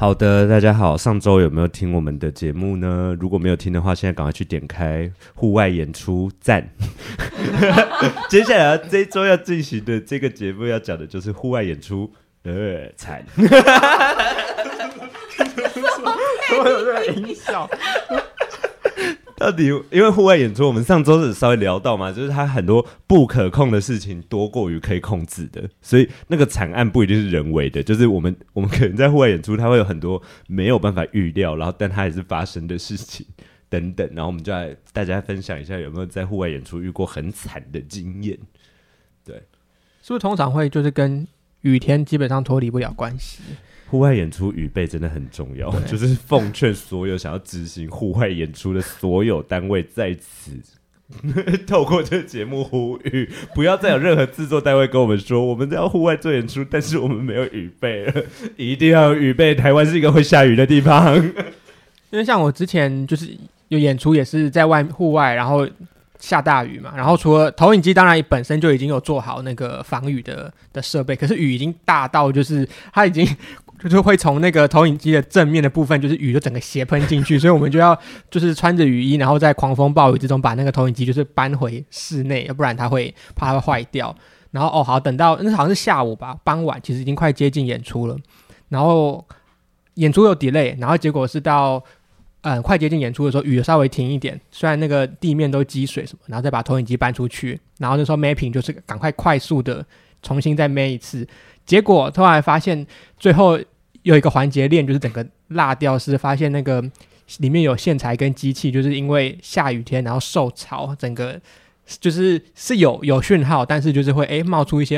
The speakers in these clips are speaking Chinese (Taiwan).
好的，大家好。上周有沒有聽我們的節目呢？如果沒有聽的話，現在趕快去點開戶外演出讚。 接下來這一週要進行的這個節目要講的就是戶外演出，呃，慘。所有這音效。到底因為戶外演出，我們上周是稍微聊到嘛，就是他很多不可控的事情多過於可以控制的，所以那個慘案不一定是人為的，就是我們我們可能在戶外演出，他會有很多沒有辦法預料，然後但他也是發生的事情等等，然後我們就來大家分享一下有沒有在戶外演出遇過很慘的經驗？對，是不是通常會就是跟？雨天基本上脫離不了關係，戶外演出雨備真的很重要，對就是奉勸所有想要執行戶外演出的所有單位，在此 透過這個節目呼籲，不要再有任何制作單位跟我們說， 我們都要戶外做演出，但是我們沒有雨備了，一定要有雨備。台灣是一個會下雨的地方，因為像我之前就是有演出，也是在外戶外，然後。下大雨嘛，然後除了投影機，當然本身就已經有做好那個防雨的的設備，可是雨已經大到就是它已經就是會從那個投影機的正面的部分，就是雨就整個斜噴進去， 所以我們就要就是穿着雨衣，然後在狂風暴雨之中把那個投影機就是搬回室內，要不然它會怕它會壞掉。然後哦好，等到那好像是下午吧，傍晚其實已經快接近演出了，然後演出有 delay，然後結果是到。嗯，快接近演出的時候，雨稍微停一點，雖然那個地面都積水什麼，然後再把投影機搬出去，然後那時候 Mapping 就是趕快快速的重新再 Map 一次，結果突然發現最後有一個環節鏈就是整個辣掉。是發現那個裡面有線材跟機器，就是因為下雨天然後受潮，整個就是是有有訊號，但是就是會誒冒出一些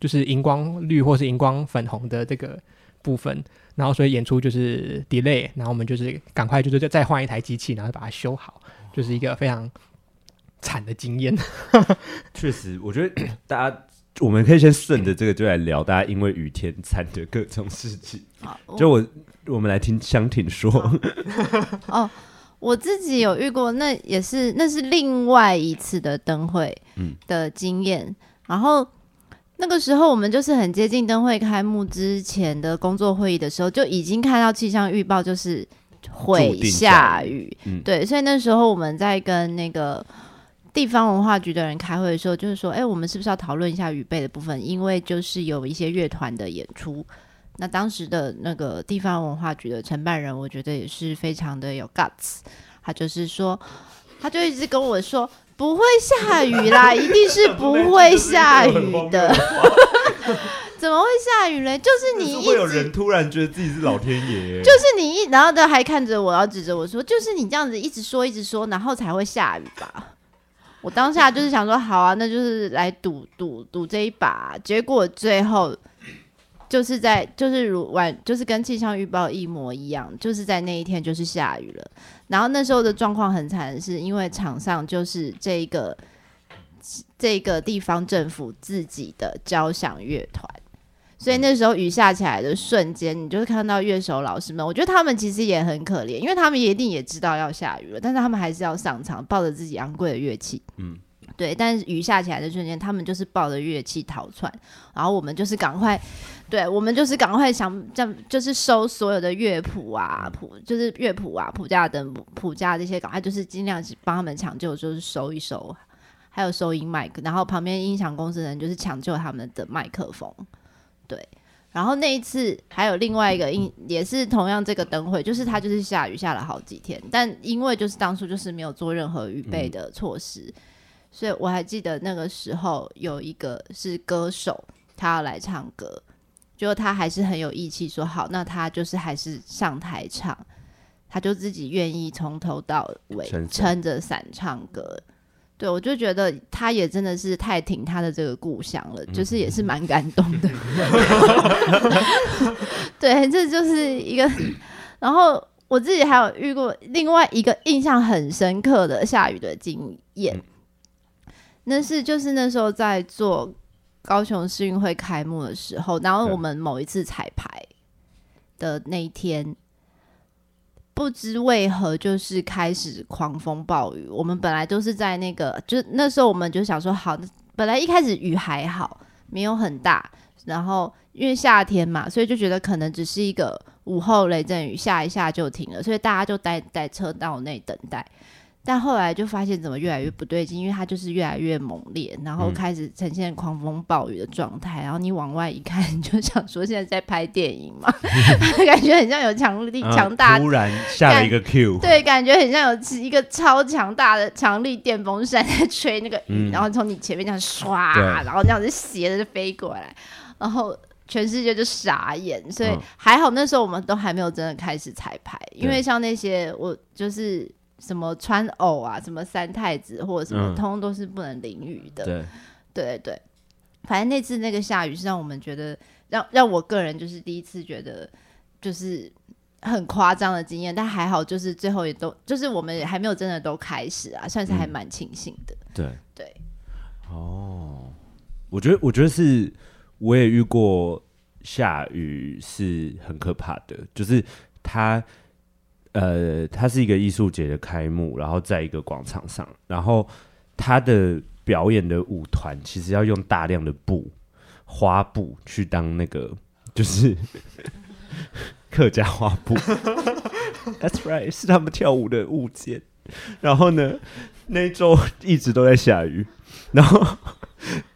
就是熒光綠或是熒光粉紅的這個部分。然後，所以演出就是 delay，然後我們就是趕快，就是再再換一台機器，然後把它修好，就是一個非常慘的經驗。哇 確實，我覺得大家我們可以先順着這個就來聊，嗯、大家因為雨天慘的各種事情。就我，哦、我們來聽湘婷說。哦， 哦，我自己有遇過，那也是那是另外一次的燈會，嗯的經驗，嗯、然後。那個時候，我們就是很接近燈會開幕之前的工作會議的時候，就已經看到氣象預報就是會下雨。下嗯、對，所以那時候我們在跟那個地方文化局的人開會的時候，就是說，哎，我們是不是要討論一下雨備的部分？因為就是有一些樂團的演出。那當時的那個地方文化局的承辦人，我覺得也是非常的有 guts。他就是說，他就一直跟我說。不會下雨啦， 一定是不會下雨的。 怎麼會下雨嘞？就是你一直，會有人突然覺得自己是老天爺。就是你一，然後都還看着我，然後指着我說：“就是你這樣子一直說，一直說，然後才會下雨吧？”我當下就是想說：“好啊，那就是來賭賭賭這一把。”結果最後。就是在就是如玩，就是跟氣象預報一模一樣，就是在那一天就是下雨了。然後那時候的狀況很慘，是因為場上就是這一個這一個地方政府自己的交響樂團，所以那時候雨下起來的瞬間，你就是看到樂手老師們，我覺得他們其實也很可憐，因為他們也一定也知道要下雨了，但是他們還是要上場，抱着自己昂貴的樂器，嗯。對，但是雨下起來的瞬間，他們就是抱着樂器逃竄，然後我們就是趕快，對我們就是趕快想這樣，就是收所有的樂譜啊，譜就是樂譜啊，譜架等譜架這些，趕快就是盡量幫他們搶救，就是收一收，還有收音麥克，然後旁邊音響公司的人就是搶救他們的麥克風，對，然後那一次還有另外一個音，也是同樣這個燈會，就是它就是下雨下了好幾天，但因為就是當初就是沒有做任何預備的措施。嗯所以我還記得那個時候有一個是歌手，他要來唱歌，就他還是很有義氣，說好，那他就是還是上台唱，他就自己願意從頭到尾撐着傘唱歌。成對我就覺得他也真的是太挺他的這個故鄉了，嗯、就是也是蠻感動的。對，這就是一個。然後我自己還有遇過另外一個印象很深刻的下雨的經驗。嗯那是就是那時候在做高雄市運會開幕的時候，然後我們某一次彩排的那一天，不知為何就是開始狂風暴雨。我們本來就是在那個，就那時候我們就想說，好，本來一開始雨還好，沒有很大，然後因為夏天嘛，所以就覺得可能只是一個午後雷陣雨，下一下就停了，所以大家就待在車道內等待。但後來就發現怎麼越來越不對勁，因為它就是越來越猛烈，然後開始呈現狂風暴雨的狀態。嗯、然後你往外一看，就想說現在在拍電影嘛， 感覺很像有強力強、強大、啊。突然下了一個 Q，對，感覺很像有一個超強大的強力電風扇在，在吹那個雨，嗯、然後從你前面這樣刷，對然後這樣子斜着飛過來，然後全世界就傻眼。所以還好那時候我們都還沒有真的開始彩排，嗯、因為像那些我就是。什麼穿偶啊，什麼三太子或者什麼、嗯，通通都是不能淋雨的。對，對對對，反正那次那個下雨是讓我們覺得，讓讓我個人就是第一次覺得就是很誇張的經驗，但還好，就是最後也都就是我們還沒有真的都開始啊，算是還蠻慶幸的。對、嗯、對，對哦，我覺得我覺得是，我也遇過下雨是很可怕的，就是它。呃，他是一個藝術節的開幕，然後在一個廣場上，然後他的表演的舞團其實要用大量的布花布去當那個，就是 客家花布。 That's right，是他們跳舞的物件。然後呢，那一週一直都在下雨，然後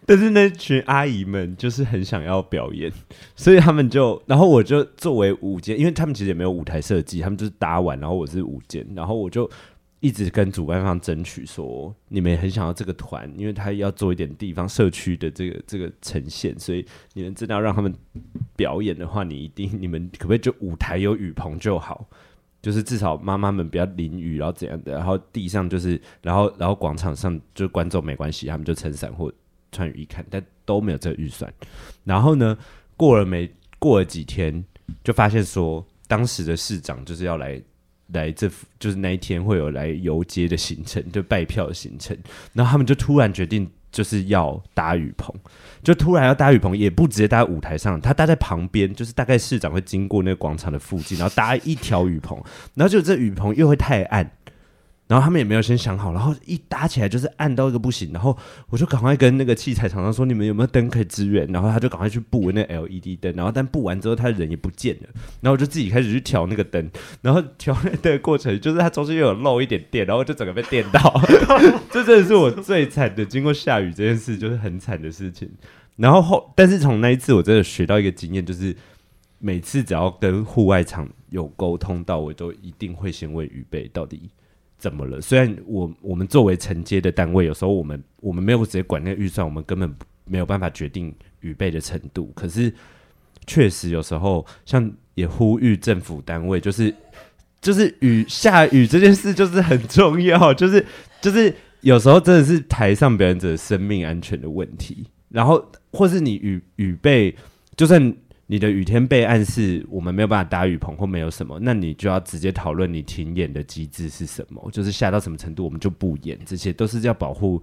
但是那群阿姨們就是很想要表演，所以他們就，然後我就作為舞監，因為他們其實也沒有舞台設計，他們就是搭完，然後我是舞監，然後我就一直跟主辦方爭取說，你們很想要這個團，因為他要做一點地方社區的這個這個呈現，所以你們真的要讓他們表演的話，你一定你們可不可以就舞台有雨棚就好？就是至少媽媽們不要淋雨，然後怎樣的，然後地上就是，然後然後廣場上就觀眾沒關係，他們就撐傘或穿雨衣看，但都沒有這個預算。然後呢，過了沒過了幾天，就發現說當時的市長就是要來來這，就是那一天會有來遊街的行程，就拜票的行程。然後他們就突然決定。就是要搭雨棚，就突然要搭雨棚，也不直接搭在舞台上，他搭在旁邊，就是大概市長會經過那個廣場的附近，然後搭一條雨棚，然後就這雨棚又會太暗。然後他們也沒有先想好，然後一搭起來就是暗到一個不行，然後我就趕快跟那個器材廠商說：“你們有沒有燈可以支援？”然後他就趕快去布那 LED 燈，然後但布完之後，他人也不見了，然後我就自己開始去調那個燈，然後調那個過程就是他中間又有漏一點電，然後就整個被電到，這 真的是我最慘的。經過下雨這件事，就是很慘的事情。然後後，但是從那一次我真的學到一個經驗，就是每次只要跟戶外場有溝通到我都一定會先問預備到底。怎麼了？雖然我我們作為承接的單位，有時候我們我們沒有直接管那個預算，我們根本沒有辦法決定雨備的程度。可是確實有時候，像也呼籲政府單位，就是，就是就是雨下雨這件事就是很重要，就是就是有時候真的是台上表演者生命安全的問題。然後或是你雨雨備，就算。你的雨天備案是我們沒有辦法搭雨棚或沒有什麼，那你就要直接討論你停演的機制是什麼，就是下到什麼程度我們就不演，這些都是要保護。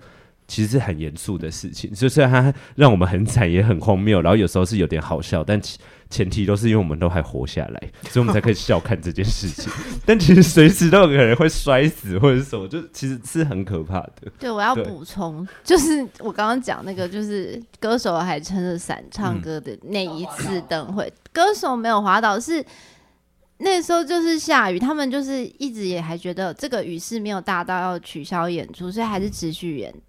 其實是很嚴肅的事情，就雖然它讓我們很慘，也很荒謬，然後有時候是有點好笑，但前提都是因為我們都還活下來，所以我們才可以笑看這件事情。 但其實隨時都有可能會摔死或者是什麼，就其實是很可怕的。對，我要補充，對就是我剛剛講那個，就是歌手還撐着傘唱歌的那一次燈會，嗯、倒歌手沒有滑倒是，是那個、時候就是下雨，他們就是一直也還覺得這個雨勢沒有大到要取消演出，所以還是持續演。嗯。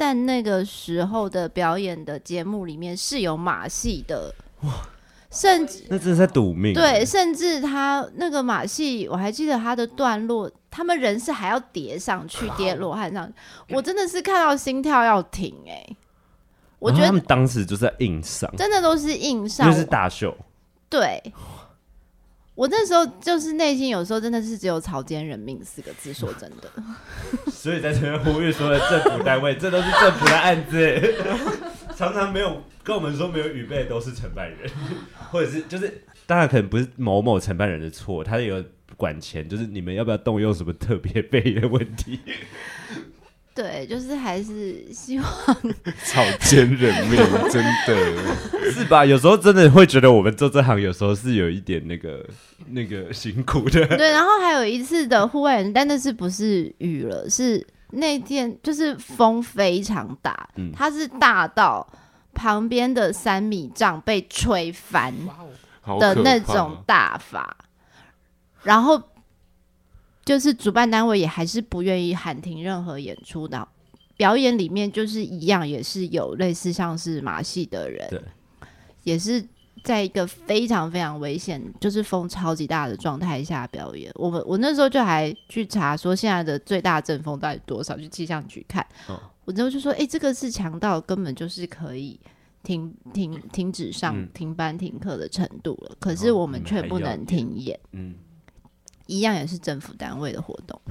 但那個時候的表演的節目裡面是有馬戲的，甚至那真的在賭命。對，甚至他那個馬戲，我還記得他的段落，他們人是還要疊上去，疊羅漢上，我真的是看到心跳要停哎、欸。我覺得他們當時就是在硬上，真的都是硬上，就是大秀。對。我那時候就是內心有時候真的是只有“草菅人命”四個字，說真的。啊，所以在這邊呼籲說的政府單位， 這都是政府的案子， 常常沒有跟我們說沒有預備，都是承辦人，或者是就是當然可能不是某某承辦人的錯，他有管錢，就是你們要不要動用什麼特別費的問題。對，就是還是希望。 草菅人命， 真的 是吧？有時候真的會覺得我們做這行，有時候是有一點那個那個辛苦的。對，然後還有一次的戶外人，但那次不是雨了？是那天就是風非常大，嗯，它是大到旁邊的三米帳被吹翻的那種大法，然後。就是主辦單位，也還是不願意喊停任何演出的，表演裡面就是一樣，也是有類似像是馬戲的人，對也是在一個非常非常危險，就是風超級大的狀態下表演。我們我那時候就還去查說，現在的最大的陣風到底多少，去氣象局看。哦、我之後就說，哎、欸，這個是強到根本就是可以停停停止上、嗯、停班停課的程度了，可是我們卻不能停演。嗯嗯一樣也是政府單位的活動。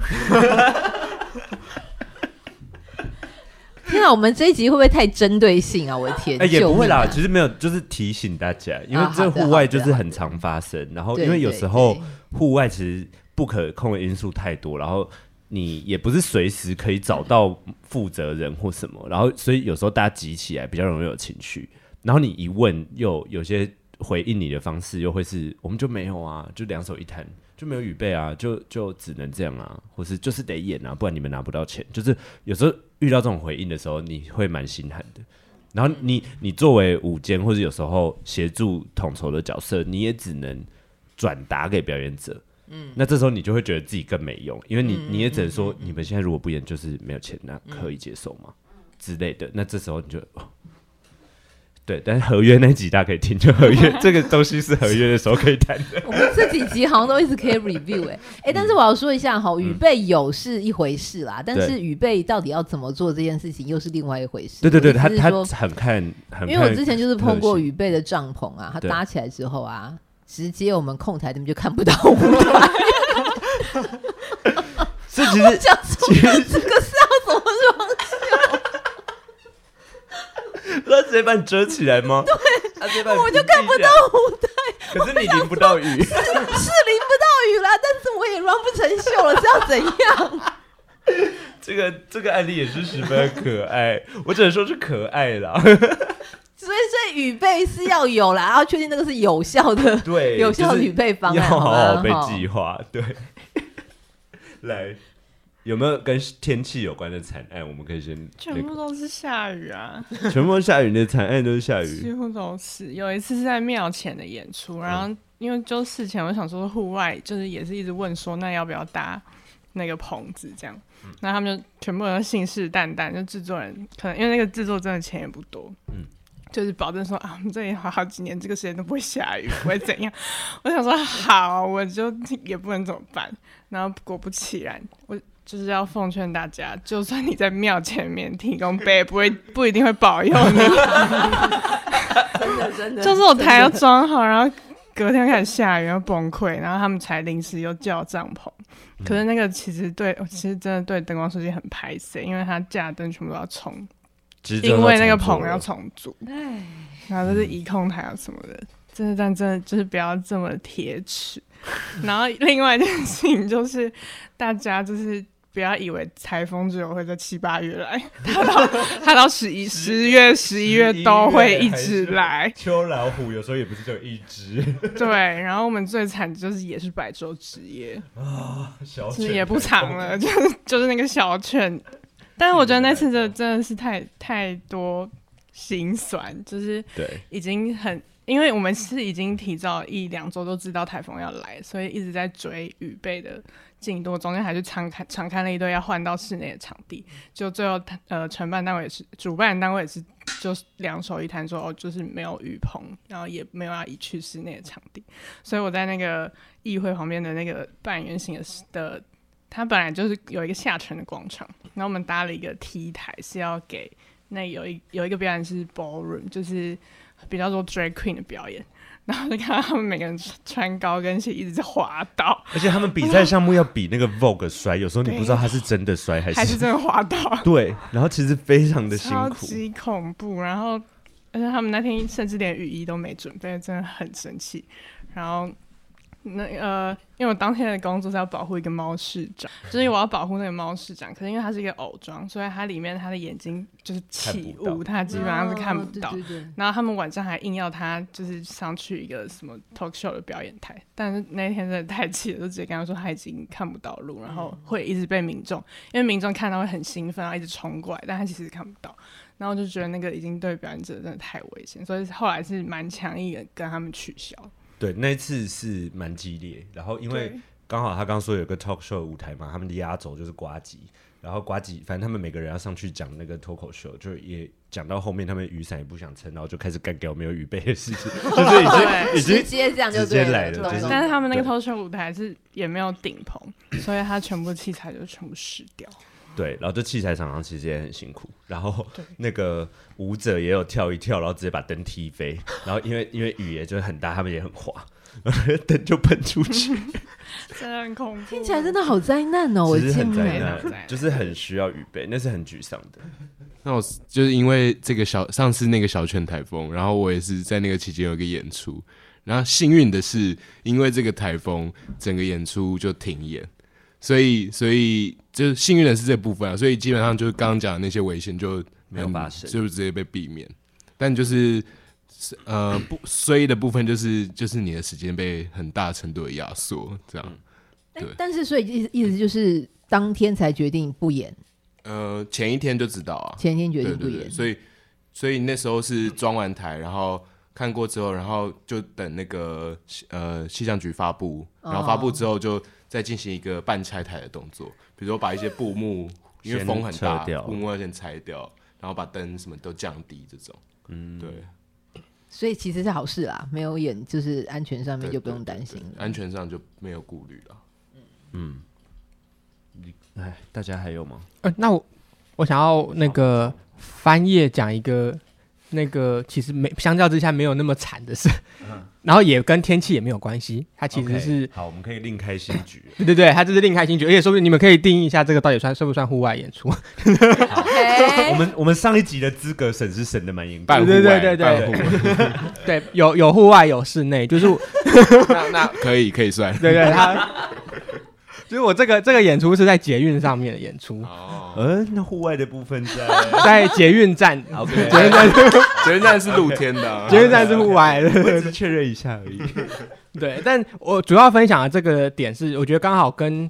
天哪，我們這一集會不會太針對性啊？我的天，哎，欸、也不會啦，啊、其實沒有，就是提醒大家，因為這戶外就是很常發生。啊、然後，因為有時候戶外其實不可控的因素太多，對對對，然後你也不是隨時可以找到負責人或什麼，嗯、然後所以有時候大家急起來比較容易有情緒。然後你一問，又有些回應你的方式又會是，我們就沒有啊，就兩手一攤。就沒有預備啊，就就只能這樣啊，或是就是得演啊，不然你們拿不到錢。就是有時候遇到這種回應的時候，你會蠻心寒的。然後你你作為舞監或者有時候協助統籌的角色，你也只能轉達給表演者。嗯，那這時候你就會覺得自己更沒用，因為你你也只能說，你們現在如果不演，就是沒有錢啊，那可以接受嗎？之類的。那這時候你就。哦對，但是合約那集大家可以聽，就合約這個東西是合約的時候可以談的。我們這幾集好像都一直可以 review 哎哎，但是我要說一下哈，雨備有是一回事啦，但是雨備到底要怎麼做這件事情又是另外一回事。對對對，他他很看，因為我之前就是碰過雨備的帳篷啊，他搭起來之後啊，直接我們控台他們就看不到舞台。這其實要怎這個是要怎麼？他直接把你遮起來嗎？ 對，他把你，我就看不到舞台，可是你淋不到雨，是，是淋不到雨啦。 但是我也亂不成秀了，是要怎樣？ 這個這個案例也是十分可愛， 我只能說是可愛啦。 所以，所以雨備是要有啦，要確定那個是有效的， 對，有效雨備方案，要好好被計劃， 對， 來。有沒有跟天氣有關的慘案？我們可以先、那個、全部都是下雨啊， 全部下雨，的慘案都是下雨，幾乎都是。有一次是在廟前的演出，嗯、然後因為就事前我想說戶外就是也是一直問說那要不要搭那個棚子這樣，那、嗯、他們就全部人都信誓旦旦，就制作人可能因為那個制作真的錢也不多，嗯，就是保證說，啊我們這裡好好幾年這個時間都不會下雨，不 會怎樣。我想說好，我就也不能怎麼辦。然後果不其然，我。就是要奉勸大家，就算你在廟前面提供杯，也不會 不一定會保佑你。就是我台要裝好，然後隔天開始下雨要崩潰，然後他們才臨時又叫帳篷。嗯、可是那個其實對，其實真的對燈光設計很排斥，因為它架燈全部都要重，要重因為那個棚要重組。嗯、然後就是移控台啊什麼的，真的但真的就是不要這麼鐵齒。 然後另外一件事情就是大家就是。不要以為颱風只有會在七八月來，它到它到十一， 十一、十月、十一月都會一直來。秋老虎有時候也不是就一直。 對，然後我們最慘的就是也是百晝職業啊、哦，小犬是不是也不長了，風就是就是那個小犬。但是我覺得那次真真的是太太多心酸，就是對已經很，對因為我們是已經提早一兩周都知道颱風要來，所以一直在追雨備的。進度中間還是敞開，敞開了一堆要換到室內的場地，就最後他呃承辦單位是主辦單位是就是兩手一攤說哦，就是沒有雨棚，然後也沒有要移去室內的場地，所以我在那個議會旁邊的那個半圓形的的，它本來就是有一個下沉的廣場，然後我們搭了一個 T 台是要給那有一有一個表演是 ballroom，就是比較多 drag queen 的表演。然後就看到他們每個人穿高跟鞋一直在滑倒，而且他們比賽項目要比那個 Vogue 摔，然後，有時候你不知道他是真的摔還是還是真的滑倒。對，然後其實非常的辛苦，超級恐怖。然後而且他們那天甚至連雨衣都沒準備，真的很生氣。然後。那呃，因為我當天的工作是要保護一個貓市長，就是我要保護那個貓市長。可是因為它是一個偶裝，所以它裡面它的眼睛就是起霧，它基本上是看不到。啊、對、對、對。然後他們晚上還硬要他就是上去一個什麼 talk show 的表演台，但是那天真的太氣了，就直接跟他說他已經看不到路，然後會一直被民眾，因為民眾看到會很興奮，然後一直衝過來，但他其實看不到。然後就覺得那個已經對表演者真的太危險，所以後來是蠻強硬的跟他們取消。對，那一次是蠻激烈，然後因為剛好他剛說有個 talk show 的舞台嘛，他們的壓軸就是呱吉，然後呱吉，反正他們每個人要上去講那個脫口秀，就也講到後面，他們雨傘也不想撐，然後就開始干給我沒有預備的事情， 就是已經直接這樣就直接來了，對就是、但是他們那個脫口秀舞台是也沒有頂棚，對所以他全部器材就全部濕掉。對，然後就器材廠商其實也很辛苦，然後那個舞者也有跳一跳，然後直接把燈踢飛，然後因為因為雨也就很大，他們也很滑，然後燈就噴出去， 真的很恐怖，聽起來真的好災難哦！其實很災難，就是很需要預備，那是很沮喪的。那我就是因為這個小上次那個小犬台風，然後我也是在那個期間有一個演出，然後幸運的是，因為這個台風，整個演出就停演。所以，所以就幸運的是這部分啊，所以基本上就是剛剛講的那些危險就、嗯、沒有發生，就是直接被避免。但就是，呃，不衰的部分就是，就是你的時間被很大程度的壓縮，這樣。嗯、對但是，所以意意思就是當天才決定不演。呃、嗯，前一天就知道啊，前一天決定不演。對對對。所以，所以那時候是裝完台，然後看過之後，然後就等那個呃氣象局發布，然後發布之後就。哦再進行一個半拆台的動作，比如說把一些布幕，因為風很大，布幕要先拆掉，然後把燈什麼都降低，這種，嗯，對，所以其實是好事啦，沒有演就是安全上面就不用擔心了，對對對對，安全上就沒有顧慮了，嗯，你哎，大家還有嗎？呃，那我我想要那個翻頁講一個。那個其實沒，相較之下沒有那麼慘的事，嗯、哼然後也跟天氣也沒有關係，它其實是 okay, 好，我們可以另開新局。 對對對，它這是另開新局，而且說不定你們可以定義一下這個到底算算不算戶外演出。 好 Okay. 我們我們上一集的資格審是審的蠻嚴格，對對對對對， 對有有戶外有室內，就是 那那可以可以算， 對，對對他，他所以我這個這個演出是在捷運上面的演出，哦，嗯，那戶外的部分在在捷運站 ，OK，捷運站 捷運站是露天的啊，Okay. 捷運站是戶外的，確 Okay. Okay. 認一下而已。 對，但我主要分享的這個點是，我覺得剛好跟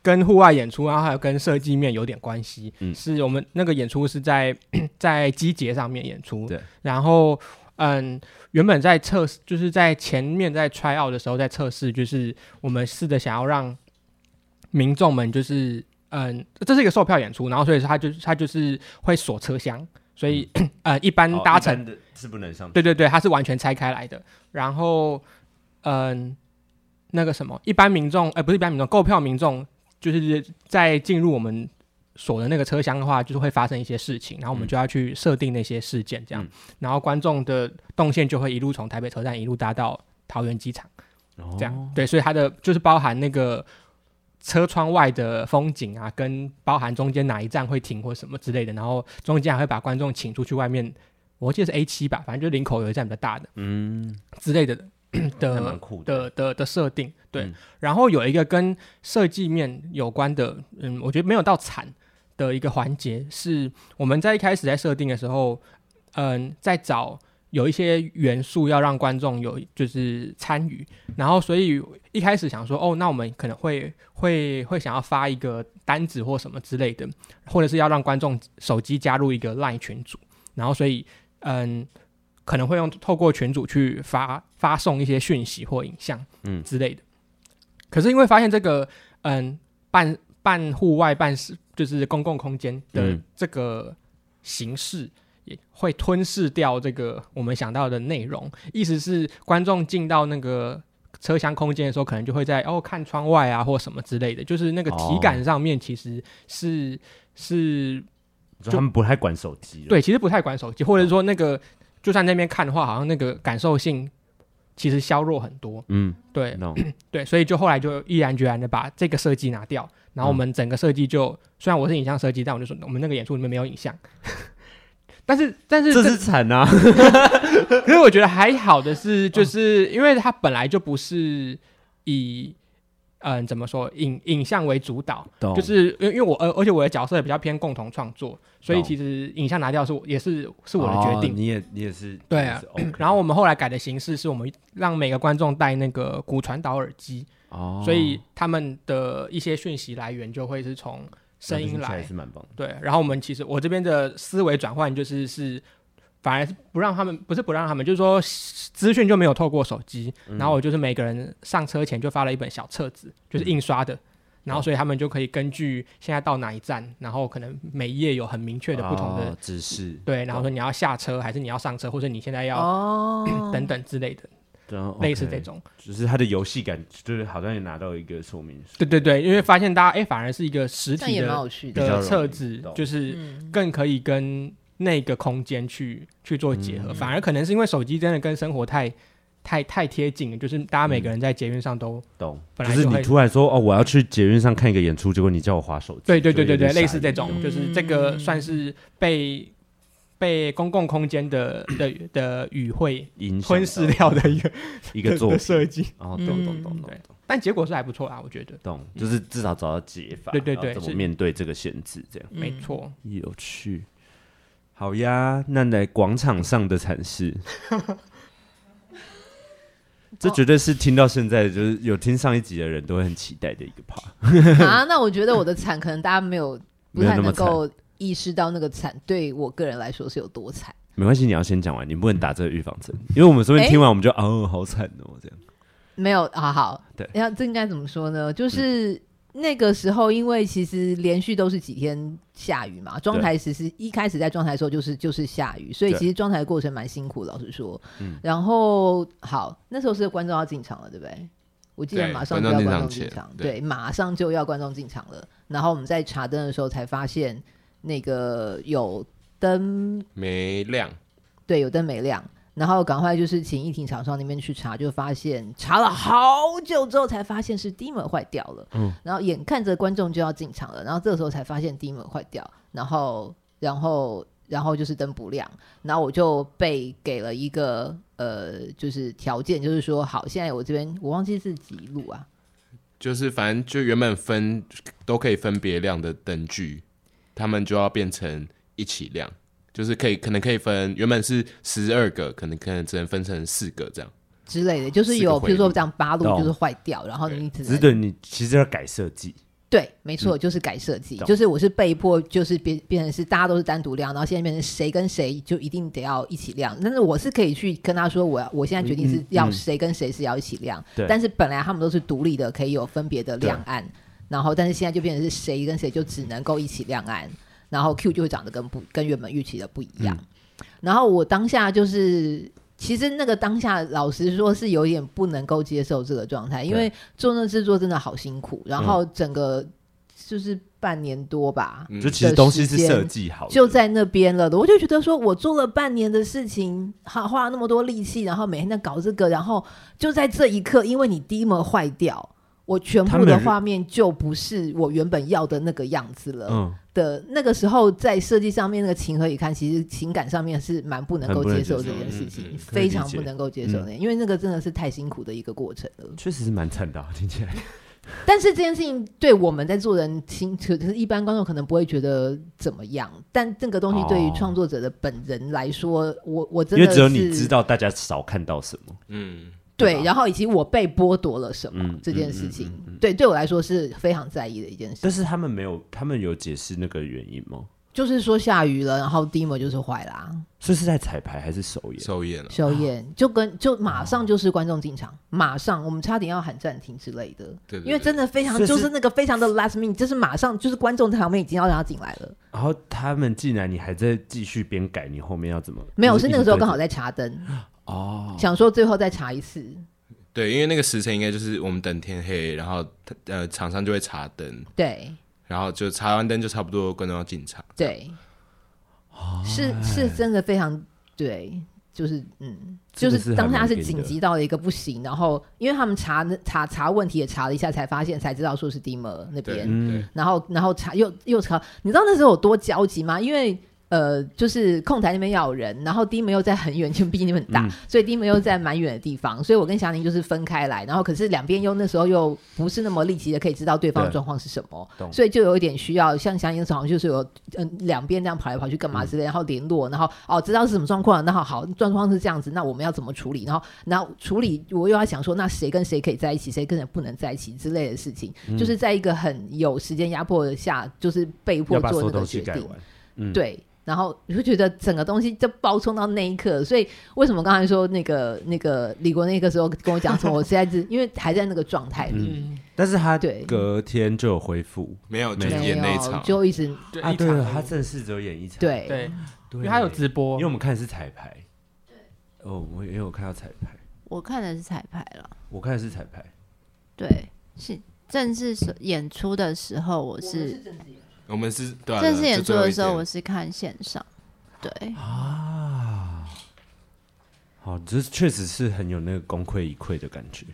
跟戶外演出，然後還有跟設計面有點關係。嗯，是我們那個演出是在 在機捷上面演出，對。然後，嗯，原本在測試，就是在前面在 try out 的時候在測試，就是我們試着想要讓民眾們就是，嗯，這是一個售票演出，然後所以說他就他就是會鎖車廂，所以呃、嗯嗯，一般搭乘，哦、般的是不能上。對對對，他是完全拆開來的。然後，嗯，那個什麼，一般民眾，哎、欸，不是一般民眾，購票民眾，就是在進入我們鎖的那個車廂的話，就是會發生一些事情，然後我們就要去設定那些事件，這樣，嗯、然後觀眾的動線就會一路從台北車站一路搭到桃園機場，哦、這樣，對，所以他的就是包含那個。車窗外的風景啊，跟包含中間哪一站會停或什麼之類的，然後中間還會把觀眾請出去外面。我記得是 A 七吧，反正就是領口有一站比較大的，嗯，之類的、嗯、的的的的，的，的設定。對，嗯、然後有一個跟設計面有關的，嗯，我覺得沒有到慘的一個環節是我們在一開始在設定的時候，嗯，在找。有一些元素要讓觀眾有就是參與，然後所以一開始想說哦，那我們可能會會會想要發一個單子或什麼之類的，或者是要讓觀眾手機加入一個 Line 群組，然後所以嗯可能會用透過群組去發發送一些訊息或影像嗯之類的，嗯、可是因為發現這個嗯半半戶外半是就是公共空間的這個形式。嗯會吞噬掉這個我們想到的內容，意思是觀眾進到那個車廂空間的時候，可能就會在哦看窗外啊或什麼之類的，就是那個體感上面其實是、哦、是，他們不太管手機，對，其實不太管手機，或者是說那個、哦、就算那邊看的話，好像那個感受性其實削弱很多，嗯，對 no. 對，所以就後來就毅然決然的把這個設計拿掉，然後我們整個設計就、嗯、雖然我是影像設計，但我就說我們那個演出裡面沒有影像。呵呵但是，但是這是慘啊！所以 我覺得還好的是，就是因為它本來就不是以、哦、嗯怎麼說影影像為主導，懂就是因為因為我而而且我的角色也比較偏共同創作，懂所以其實影像拿掉是也是是我的決定。哦、你也你也是對。啊。Okay、然後我們後來改的形式是我們讓每個觀眾戴那個骨傳導耳機哦，所以他們的一些訊息來源就會是從。聲音來，對。然後我們其實我這邊的思維轉換就是是，反而是不讓他們，不是不讓他們，就是說資訊就沒有透過手機。然後我就是每個人上車前就發了一本小冊子，就是印刷的。然後所以他們就可以根據現在到哪一站，然後可能每一頁有很明確的不同的指示。對，然後說你要下車還是你要上車，或者你現在要、哦、等等之類的。類似這種，只、okay, 是它的遊戲感，就是好像也拿到一個說明書。對對對，嗯、因為發現大家哎、欸，反而是一個實體的冊子，置就是更可以跟那個空間去去做結合。嗯、反而可能是因為手機真的跟生活太、太、太貼近了，就是大家每個人在捷運上都本來懂。就是你突然說哦，我要去捷運上看一個演出，結果你叫我滑手機。對對對對對，類似這種，就是這個算是被。嗯被公共空間的的的語彙吞噬掉的一個一個作品，然後懂懂懂懂，但結果是還不錯啊，我覺得懂，就是至少找到解法，對對對，怎麼面對這個限制，這樣沒錯，有趣。好呀，那來廣場上的慘事，這絕對是聽到現在就是有聽上一集的人都會很期待的一個 part 啊。那我覺得我的慘，可能大家沒有不太能夠。意識到那個慘，對我個人來說是有多慘。沒關係，你要先講完，你不能打這個預防針，因為我們說邊聽完、欸、我們就啊、哦，好慘哦，這樣。沒有好、啊、好，對，然後這應該怎麼說呢？就是、嗯、那個時候，因為其實連續都是幾天下雨嘛，裝台其實對一開始在裝台的時候，就是就是下雨，所以其實裝台的過程蠻辛苦的，老實說。嗯對。然後好，那時候是觀眾要進場了，對不對？我記得馬上就要觀眾進場，對，場對，馬上就要觀眾進場，對場了。然後我們在查燈的時候才發現。那個有燈沒亮，對，有燈沒亮，然後趕快就是請一廳廠商那邊去查，就發現查了好久之後才發現是 dimmer 壞掉了。嗯，然後眼看着觀眾就要進場了，然後這時候才發現 dimmer 壞掉，然後然後然後就是燈不亮，然後我就被給了一個呃，就是條件，就是說好，現在我這邊我忘記是幾路啊，就是反正就原本分都可以分別亮的燈具。他們就要變成一起亮，就是可以可能可以分，原本是十二個，可能可能只能分成四個這樣之類的，就是有、哦、比如說這樣八路就是壞掉，哦、然後你只能，對，對，你其實要改設計，對，沒錯，就是改設計，嗯、就是我是被迫就是變變成是大家都是單獨亮，然後現在變成誰跟誰就一定得要一起亮，但是我是可以去跟他說我，我要我現在決定是要誰跟誰是要一起亮，嗯嗯對但是本來他們都是獨立的，可以有分別的亮暗。然後，但是現在就變成是誰跟誰就只能夠一起亮暗，嗯、然後 Q 就會長得跟不跟原本預期的不一樣。嗯、然後我當下就是，其實那個當下，老實說是有點不能夠接受這個狀態，對因為做那制作真的好辛苦。然後整個就是半年多吧，嗯就，嗯、就其實東西是設計好，就在那邊了。的。我就覺得說我做了半年的事情，好花了那麼多力氣，然後每天在搞這個，然後就在這一刻，因為你 DM 壞掉。我全部的畫面就不是我原本要的那個樣子了。的那個時候，在設計上面那個情何以堪？其實情感上面是蠻不能夠接受這件事情，非常不能夠接受的，因為那個真的是太辛苦的一個過程了。確實是蠻慘的，聽起來。但是這件事情對我們在做人，聽可是一般觀眾可能不會覺得怎麼樣，但這個東西對於創作者的本人來說，我我真的、嗯、只有你知道，大家少看到什麼，嗯。對，然後以及我被剝奪了什麼這件事情，對對我來說是非常在意的一件事。但是他們沒有，他們有解釋那個原因嗎？就是說下雨了，然後 dimmer 就是壞啦。這是在彩排還是首演？首演了。首演就跟就馬上就是觀眾進場，馬上我們差點要喊暫停之類的。對，因為真的非常就是那個非常的 last minute，就是馬上就是觀眾在旁邊已經要讓他進來了。然後他們既然你還在繼續編改，你後面要怎麼？沒有，是那個時候剛好在查燈。哦，想說最後再查一次，對，因為那個時程，應該就是我們等天黑，然後呃，廠商就會查燈，對，然後就查完燈就差不多觀眾要進場，對，樣哦欸、是是真的非常對，就是嗯，是就是當下是緊急到了一個不行，然後因為他們查查查問題也查了一下，才發現才知道說是 Dimmer 那邊對、嗯，然後然後查又又查，你知道那時候有多焦急嗎？因為。呃，就是控台那邊要人，然後第一門又在很遠，就比你們大，嗯、所以第一門又在蠻遠的地方，所以我跟祥林就是分開來，然後可是兩邊又那時候又不是那麼立即的可以知道對方的狀況是什麼，所以就有一點需要像祥林，好像就是有嗯兩邊這樣跑來跑去幹嘛之類的，嗯、然後聯絡，然後哦知道是什麼狀況，那好，狀況是這樣子，那我們要怎麼處理？然後那處理我又要想說，那誰跟誰可以在一起，誰跟誰不能在一起之類的事情，嗯、就是在一個很有時間壓迫的下，就是被迫做這個決定，嗯、對。然後你會覺得整個東西就爆衝到那一刻，所以為什麼剛才說那個那個李國那個時候跟我講說，我現在是因為還在那個狀態。嗯，但是他對隔天就有恢復，沒有，就演那場，就一直啊，對，他正式只有演一場。對對，因為他有直播，因為我們看的是彩排，對哦，我因為我看到彩排，我看的是彩排了，我看的是彩排，對，是正式演出的時候，我是。我們是對、啊、這次演出的時候，我是看線上，對啊，好、啊，這確實是很有那個功虧一簣的感覺，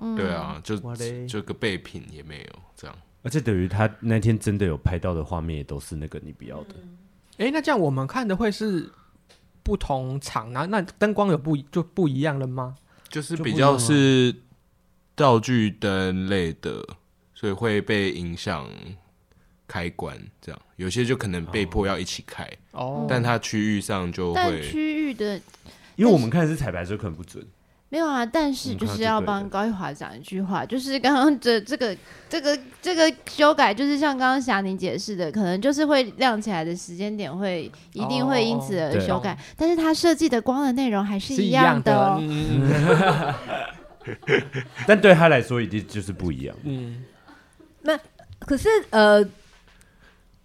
嗯、對啊，就嘞就個備品也沒有這樣，而且等於他那天真的有拍到的畫面，也都是那個你不要的，哎、嗯，那這樣我們看的會是不同場呢、啊？那燈光有不就不一樣了嗎？就是比較是道具燈類的，所以會被影響。開關這樣，有些就可能被迫要一起開哦，oh. 但它區域上就會區、嗯、域的，因為，是因為我們看是彩排，時候可能不準。沒有啊，但是就是要幫高玉華講一句話。嗯、就是剛剛這這個這個這個修改，就是像剛剛霞寧解釋的，可能就是會亮起來的時間點會一定會因此而修改，oh. 但是它設計的光的內容還是一樣的哦，但對他來說，一定就是不一樣。嗯，那可是呃。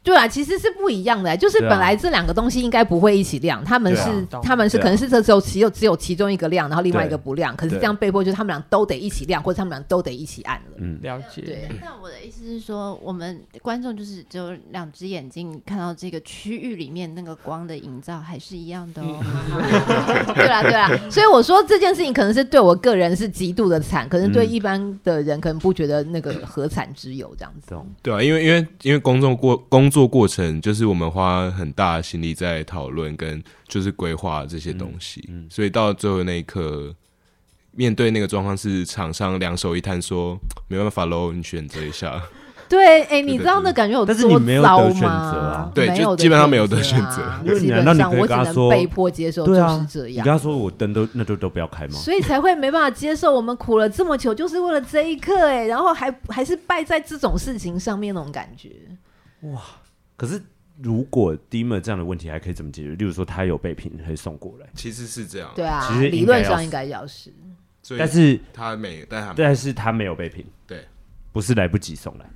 對啊，其實是不一樣的，就是本來這兩個東西應該不會一起亮，他們是他們是可能是這時候只有只有其中一個亮，然後另外一個不亮，可是這樣被迫就他們倆都得一起亮，或者他們倆都得一起按了。嗯，了解。對，那我的意思是說，我們觀眾就是就兩只眼睛看到這個區域裡面那個光的營造還是一樣的哦。對啊，對啊，所以我說這件事情可能是對我個人是極度的慘，可是對一般的人可能不覺得那個何慘之有這樣子。對啊，因為因為因為公眾過公。做過程就是我們花很大心力在討論跟就是規劃這些東西，嗯嗯、所以到了最後那一刻面對那個狀況是廠商兩手一攤說沒辦法嘍，你選擇一下。對，哎、欸，你這樣的感覺有多糟嗎？對，沒有得選、啊、對就基本上沒有得選擇，那我只能被迫接受，就是這樣。對啊、你剛說我燈都那就都不要開嗎？所以才會沒辦法接受，我們苦了這麼久就是為了這一刻、欸，哎，然後還還是敗在這種事情上面那種感覺，哇。可是，如果 Dima 這樣的問題還可以怎麼解決？例如說，他有備品，可以送過來。其實是這樣，對啊，其實理論上應該要是，要是但是他沒，但他但是他沒有備品，對，不是來不及送來。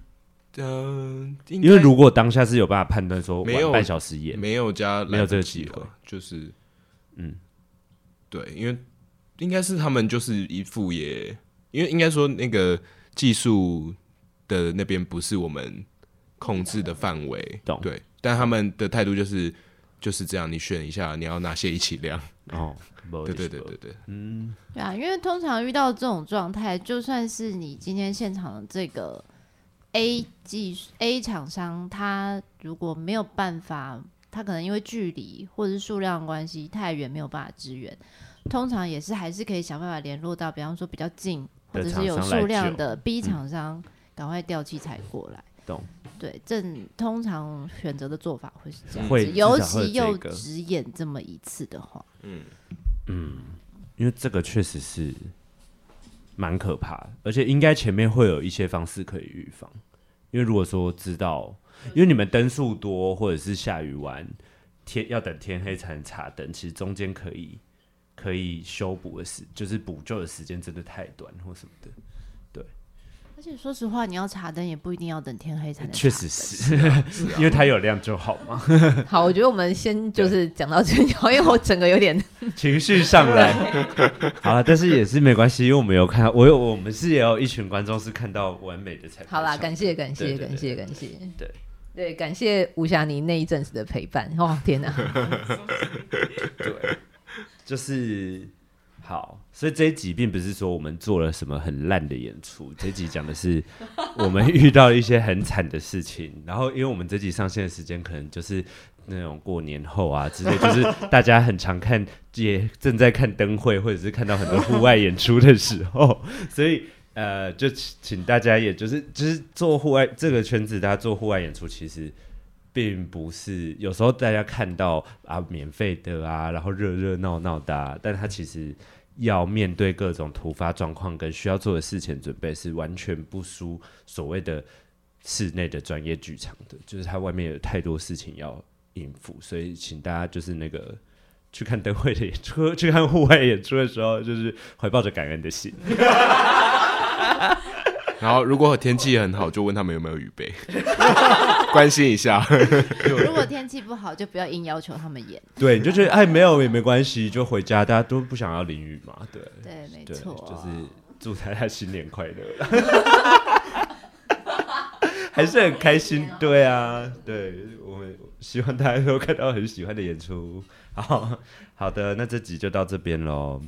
嗯、呃，因為如果當下是有辦法判斷說沒有半小時也沒有，沒有加沒有這個機會，就是嗯，對，因為應該是他們就是一副也，因為應該說那個技術的那邊不是我們控制的範圍，對，對，懂。但他們的態度就是就是這樣。你選一下，你要哪些一起量？哦、嗯，對對對對對，對，嗯，對啊，因為通常遇到這種狀態，就算是你今天現場的這個 A 技術、嗯、A 廠商，他如果沒有辦法，他可能因為距離或者是數量關係太遠，沒有辦法支援。通常也是還是可以想辦法聯絡到，比方說比較近或者是有數量的 B 廠商，嗯、趕快調器材過來。懂，動對，正通常選擇的做法會是這樣子，會會這個、尤其又只演這麼一次的話，嗯嗯，因為這個確實是蠻可怕的，而且應該前面會有一些方式可以預防，因為如果說知道，因為你們燈數多，或者是下雨晚天要等天黑才能查燈，其實中間可以可以修補的時，就是補救的時間真的太短或什麼的。而且說實話，你要查燈也不一定要等天黑才能。確實是，哦、 因為它有亮就好嘛。 好，我覺得我們先就是講到這裡，對， 因為我整個有點 情緒上來。好了，但是也是沒關係，因為我們有看到，我有我們是也有一群觀眾是看到完美的才。好啦，感謝感謝感謝感謝，對對，感謝吳霞妮那一陣子的陪伴。哦天哪、啊， 對，就是。好，所以這一集並不是說我們做了什麼很爛的演出，這一集講的是我們遇到一些很慘的事情。然後，因為我們這集上線的時間可能就是那種過年後啊之類，就是大家很常看也正在看燈會，或者是看到很多戶外演出的時候，所以呃，就請大家也就是就是做戶外這個圈子，大家做戶外演出其實並不是有時候大家看到啊免費的啊，然後熱熱鬧鬧的啊，但他其實。要面對各種突發狀況跟需要做的事情的準備，是完全不輸所謂的室內的專業劇場的。就是他外面有太多事情要應付，所以請大家就是那個去看燈會的演出、去看戶外演出的時候，就是懷抱着感恩的心。 然後，如果天氣很好，就問他們有沒有雨備，關心一下。如果天氣不好，就不要硬要求他們演。 對，你就覺得哎，沒有也沒關係，就回家，大家都不想要淋雨嘛。對，對，對對沒錯，啊，就是祝大家新年快樂， 還是很開心。對啊，對，我們希望大家都看到很喜歡的演出。好，好的，那這集就到這邊嘍。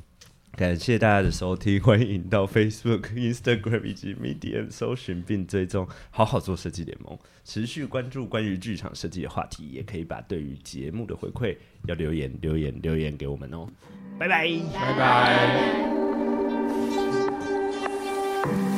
感謝大家的收聽，歡迎到 Facebook、Instagram 以及 Medium 搜尋並追蹤“好好做設計聯盟”，持續關注關於劇場設計的話題，也可以把對於節目的回饋要留言、留言、留言給我們哦。拜拜，拜拜。